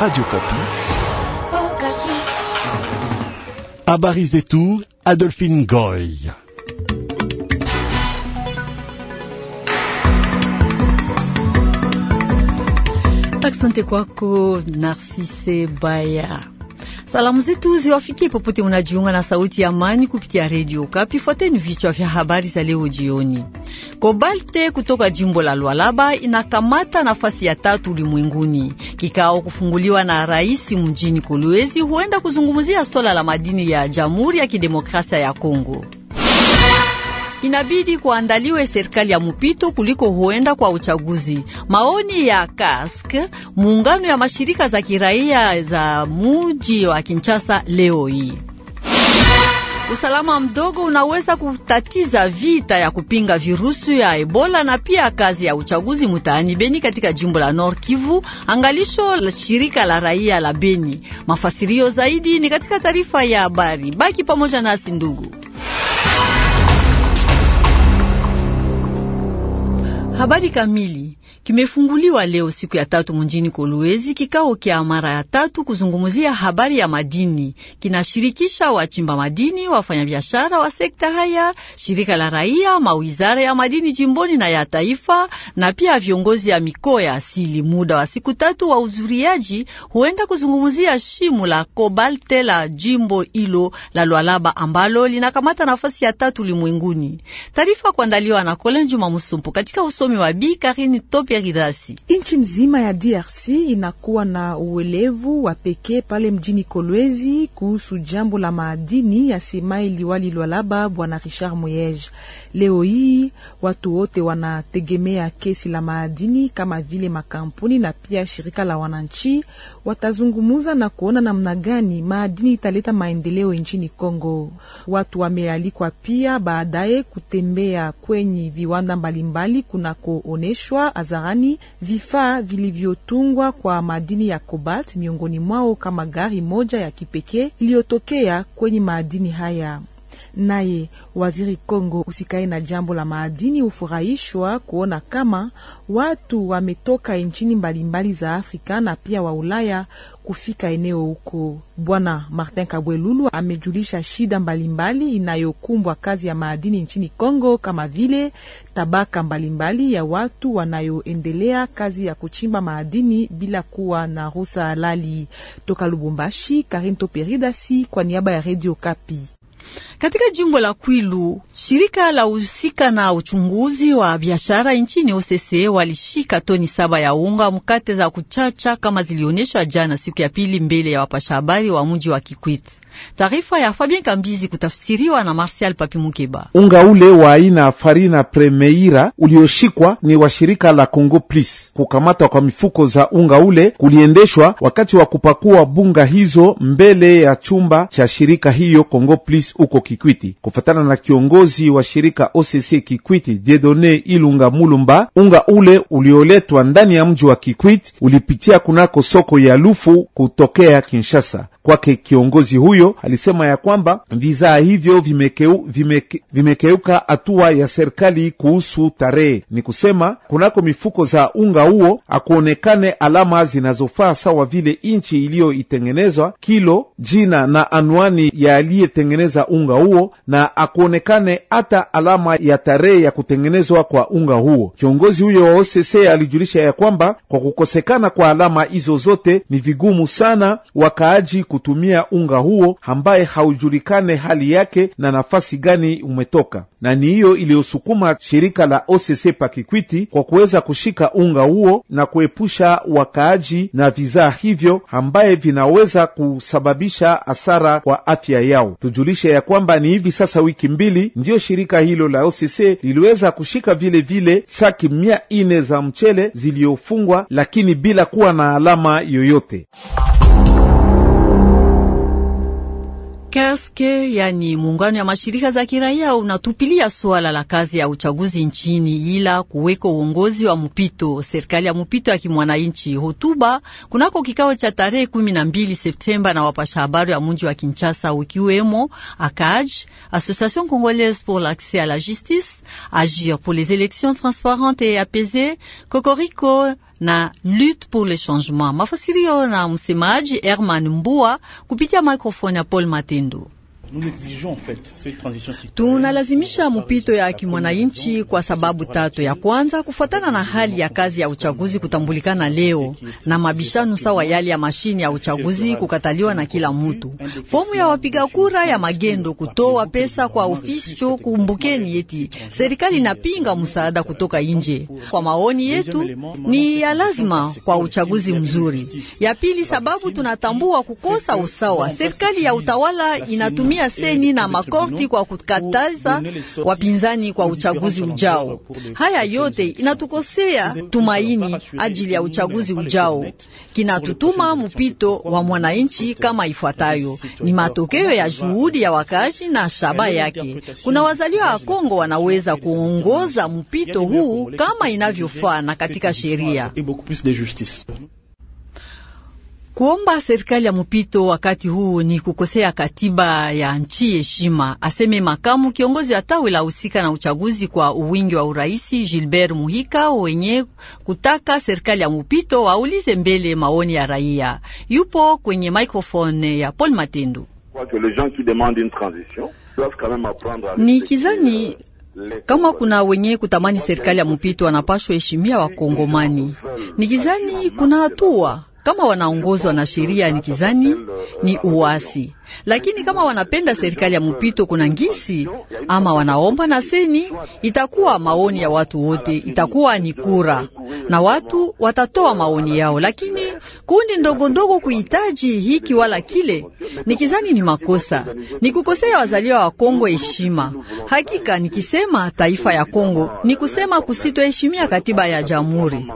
Radio Kapi. Habari oh, zetu, Adolphine Goy. Asante kwako Narcisse Baya. Salamu zetu ziwafikie popote unajiunga na Sauti ya Amani kupitia redio Kapi. Fuateni vichwa vya habari za leo jioni. Kobalte kutoka jimbo la Lualaba inakamata nafasi ya tatu ulimwenguni. Kikao kufunguliwa na rais mjini Kolwezi huenda kuzungumzia swala la madini ya Jamhuri ya Kidemokrasia ya Kongo inabidi kuandaliwe serikali ya mupito kuliko huenda kwa uchaguzi. Maoni ya Kask, muungano ya mashirika za kiraia za muji wa Kinshasa leo hii. Usalama mdogo unaweza kutatiza vita ya kupinga virusi ya Ebola na pia kazi ya uchaguzi mutaani Beni katika jimbo la Nord Kivu, angalisho la shirika la raia la Beni. Mafasirio zaidi ni katika taarifa ya habari. Baki pamoja nasi ndugu. Habari kamili kimefunguliwa leo siku ya tatu mjini Kolwezi, kikao kya mara ya tatu kuzungumzia habari ya madini. Kinashirikisha wachimba madini, wafanyabiashara wa sekta haya, shirika la raia, mawizara ya madini jimboni na ya taifa, na pia viongozi ya mikoa ya asili. Muda wa siku tatu wa uzuriaji huenda kuzungumzia shimo la kobalte la jimbo hilo la lwalaba ambalo linakamata nafasi ya tatu ulimwenguni. Taarifa kuandaliwa na Kolenjuma Musumpu katika usomi wa Bi Karini Top Jean-Pierre Nchi mzima ya DRC inakuwa na uelevu wa pekee pale mjini Kolwezi kuhusu jambo la maadini, yasemaye liwali Lwalaba Bwana Richard moyege Leo hii watu wote wanategemea kesi la maadini kama vile makampuni na pia shirika la wananchi watazungumuza na kuona namna gani maadini italeta maendeleo nchini Kongo. Watu wamealikwa pia baadaye kutembea kwenye viwanda mbalimbali kunakooneshwa barabarani vifaa vilivyotungwa kwa madini ya cobalt, miongoni mwao kama gari moja ya kipekee iliyotokea kwenye madini haya. Naye waziri Kongo usikae na jambo la maadini hufurahishwa kuona kama watu wametoka nchini mbalimbali za Afrika na pia wa Ulaya kufika eneo huko. Bwana Martin Kabwelulu amejulisha shida mbalimbali inayokumbwa kazi ya maadini nchini Kongo, kama vile tabaka mbalimbali ya watu wanayoendelea kazi ya kuchimba maadini bila kuwa na ruhusa halali. Toka Lubumbashi, Karinto peridasi kwa niaba ya Radio Kapi. Katika jimbo la Kwilu, shirika la husika na uchunguzi wa biashara nchini OCC walishika toni saba ya unga mkate za kuchacha kama zilionyeshwa jana siku ya pili mbele ya wapasha habari wa mji wa Kikwit. Taarifa ya Fabien Kambizi kutafsiriwa na Martial Papi Mukeba. Unga ule wa aina Farina Premeira ulioshikwa ni wa shirika la Congo Plis. Kukamatwa kwa mifuko za unga ule kuliendeshwa wakati wa kupakua bunga hizo mbele ya chumba cha shirika hiyo Congo Plis huko Kikwiti. Kufatana na kiongozi wa shirika OCC Kikwiti, Diedone Ilunga Mulumba, unga ule ulioletwa ndani ya mji wa Kikwiti ulipitia kunako soko ya Lufu kutokea Kinshasa. Kwake kiongozi huyo alisema ya kwamba vizaa hivyo vimekeu, vimeke, vimekeuka hatua ya serikali kuhusu tarehe, ni kusema kunako mifuko za unga huo akuonekane alama zinazofaa sawa vile inchi iliyoitengenezwa, kilo, jina na anwani ya aliyetengeneza kutengeneza unga huo na akuonekane hata alama ya tarehe ya kutengenezwa kwa unga huo. Kiongozi huyo wa OCC alijulisha ya kwamba kwa kukosekana kwa alama hizo zote ni vigumu sana wakaaji kutumia unga huo ambaye haujulikane hali yake na nafasi gani umetoka, na ni hiyo iliyosukuma shirika la OCC Pakikwiti kwa kuweza kushika unga huo na kuepusha wakaaji na vizaa hivyo ambaye vinaweza kusababisha hasara kwa afya yao. Tujulishe ya kwamba ni hivi sasa wiki mbili ndiyo shirika hilo la OCC liliweza kushika vile vile saki mia ine za mchele ziliyofungwa, lakini bila kuwa na alama yoyote. Kaske yani muungano ya mashirika za kiraia unatupilia swala la kazi ya uchaguzi nchini, ila kuweka uongozi wa mpito, serikali ya mpito ya kimwananchi. Hotuba kunako kikao cha tarehe 12 Septemba na wapasha habari wa mji wa Kinshasa, ukiwemo ACAJ, Association Congolaise pour l'accès à la justice, Agir pour les élections transparentes et apaisées, Cocorico na lutte pour le changement. Mafasirio na msemaji Herman Mbua kupitia microphone ya Paul Matindu. Tunalazimisha mpito ya kimwananchi kwa sababu tatu. Ya kwanza, kufuatana na hali ya kazi ya uchaguzi kutambulikana leo na mabishano sawa yale ya mashini ya uchaguzi kukataliwa na kila mtu, fomu ya wapiga kura ya magendo kutoa pesa kwa ofisho. Kumbukeni eti serikali inapinga msaada kutoka nje, kwa maoni yetu ni ya lazima kwa uchaguzi mzuri. Ya pili, sababu tunatambua kukosa usawa, serikali ya utawala inatumia kutumia seni na makorti kwa kukataza wapinzani kwa uchaguzi ujao. Haya yote inatukosea tumaini ajili ya uchaguzi ujao, kinatutuma mpito wa mwananchi kama ifuatayo: ni matokeo ya juhudi ya wakazi na shaba yake. Kuna wazaliwa wa Kongo wanaweza kuongoza mpito huu kama inavyofaa na katika sheria. Kuomba serikali ya mpito wakati huu ni kukosea katiba ya nchi heshima, aseme makamu kiongozi wa tawi la husika na uchaguzi kwa uwingi wa uraisi Gilbert Muhika. Wenye kutaka serikali ya mpito waulize mbele maoni ya raia. Yupo kwenye microphone ya Paul matendu Ni kizani euh, kama kuna wenye kutamani serikali ya mpito wanapashwa heshimia Wakongomani. Ni kizani kuna hatua kama wanaongozwa na sheria ni kizani ni uasi, lakini kama wanapenda serikali ya mpito kuna ngisi ama wanaomba na seni, itakuwa maoni ya watu wote, itakuwa ni kura na watu watatoa maoni yao. Lakini kundi ndogo ndogo kuhitaji hiki wala kile, ni kizani ni makosa, ni kukosea wazaliwa wa Kongo heshima. Hakika nikisema taifa ya Kongo ni kusema kusitoheshimia katiba ya jamhuri.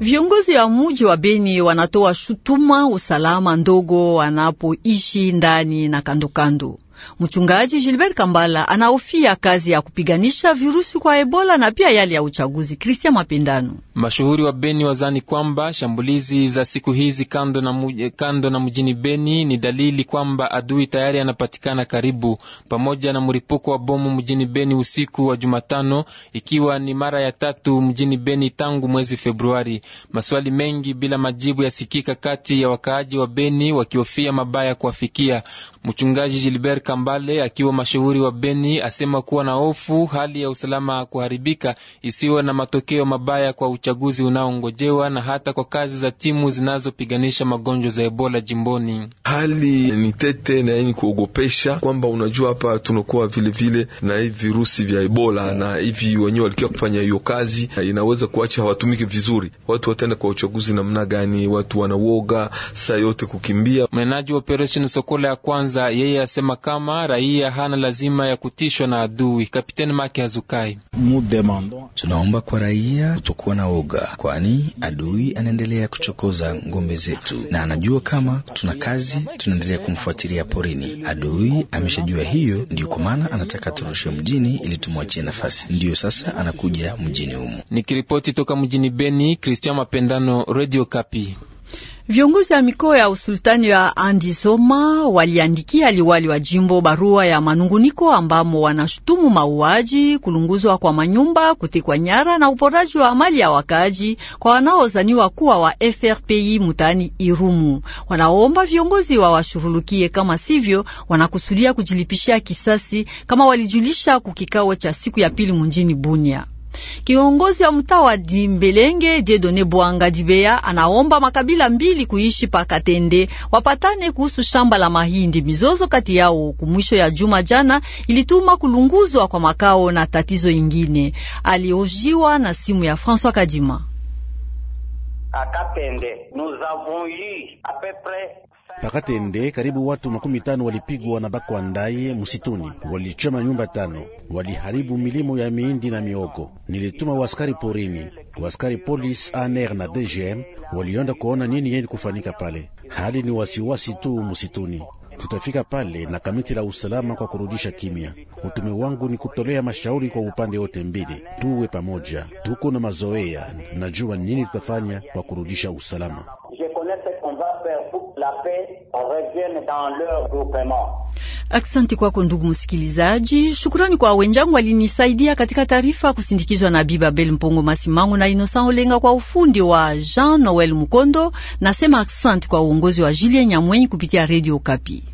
Viongozi wa muji wa Beni wanatoa shutuma usalama ndogo wanapoishi ndani na kandokando. Mchungaji Gilbert Kambala anahofia kazi ya kupiganisha virusi kwa Ebola na pia yale ya uchaguzi. Kristian Mapindano, mashuhuri wa Beni wazani kwamba shambulizi za siku hizi kando na, mu, eh, kando na mjini Beni ni dalili kwamba adui tayari anapatikana karibu, pamoja na mlipuko wa bomu mjini Beni usiku wa Jumatano, ikiwa ni mara ya tatu mjini Beni tangu mwezi Februari. Maswali mengi bila majibu yasikika kati ya wakaaji wa Beni wakihofia mabaya kuwafikia. Mchungaji Gilbert Kambale akiwa mashauri wa Beni asema kuwa na hofu hali ya usalama kuharibika isiwe na matokeo mabaya kwa uchaguzi unaongojewa na hata kwa kazi za timu zinazopiganisha magonjwa za Ebola jimboni. Hali ni tete na yenye kuogopesha kwamba unajua, hapa tunakuwa vilevile na hivi virusi vya Ebola na hivi wenyewe walikiwa kufanya hiyo kazi, inaweza kuacha hawatumiki vizuri. Watu wataenda kwa uchaguzi namna gani? Watu wanauoga saa yote kukimbia. Mnenaji wa operesheni Sokola ya kwanza yeye asema kama kama raia hana lazima ya kutishwa na adui. Kapiteni Maki Hazukai: tunaomba kwa raia kutokuwa na oga, kwani adui anaendelea kuchokoza ngombe zetu na anajua kama tuna kazi, tunaendelea kumfuatilia porini. Adui ameshajua hiyo, ndiyo kwa maana anataka turushe mjini ili tumwachie nafasi, ndiyo sasa anakuja mjini humo. Nikiripoti toka mjini Beni, Kristian Mapendano, Radio Kapi. Viongozi wa mikoa ya usultani ya Andizoma waliandikia liwali wa jimbo barua ya manunguniko ambamo wanashutumu mauaji, kulunguzwa kwa manyumba, kutekwa nyara na uporaji wa mali ya wakaaji kwa wanaozaniwa kuwa wa FRPI mutani Irumu. Wanaomba viongozi wawashurulukie, kama sivyo wanakusudia kujilipishia kisasi, kama walijulisha kukikao cha siku ya pili munjini Bunia. Kiongozi wa mtaa wa Dimbelenge Jedone Bwanga Dibea anaomba makabila mbili kuishi pakatende wapatane kuhusu shamba la mahindi. Mizozo kati yao kumwisho ya juma jana ilituma kulunguzwa kwa makao na tatizo ingine. aliojiwa na simu ya François Kadima. Pakatende karibu watu makumi tano walipigwa na bakwandaye msituni, walichoma nyumba tano, waliharibu milimo ya miindi na miogo. Nilituma waskari porini, waskari polisi ANR na DGM walionda kuona nini yeni kufanika pale. Hali ni wasiwasi tu msituni. Tutafika pale na kamiti la usalama kwa kurudisha kimya. Utume wangu ni kutolea mashauri kwa upande wote mbili, tuwe pamoja. Tuko na mazoea, najua nini tutafanya kwa kurudisha usalama reviennent dans leur groupement. Aksanti kwako ndugu msikilizaji, shukurani kwa wenjangu walinisaidia katika taarifa kusindikizwa na Biba Mpongo Masimangu na Inosa Olenga kwa ufundi wa Jean Noel Mukondo. Nasema aksanti kwa uongozi wa Julien Nyamwenyi kupitia Radio Kapi.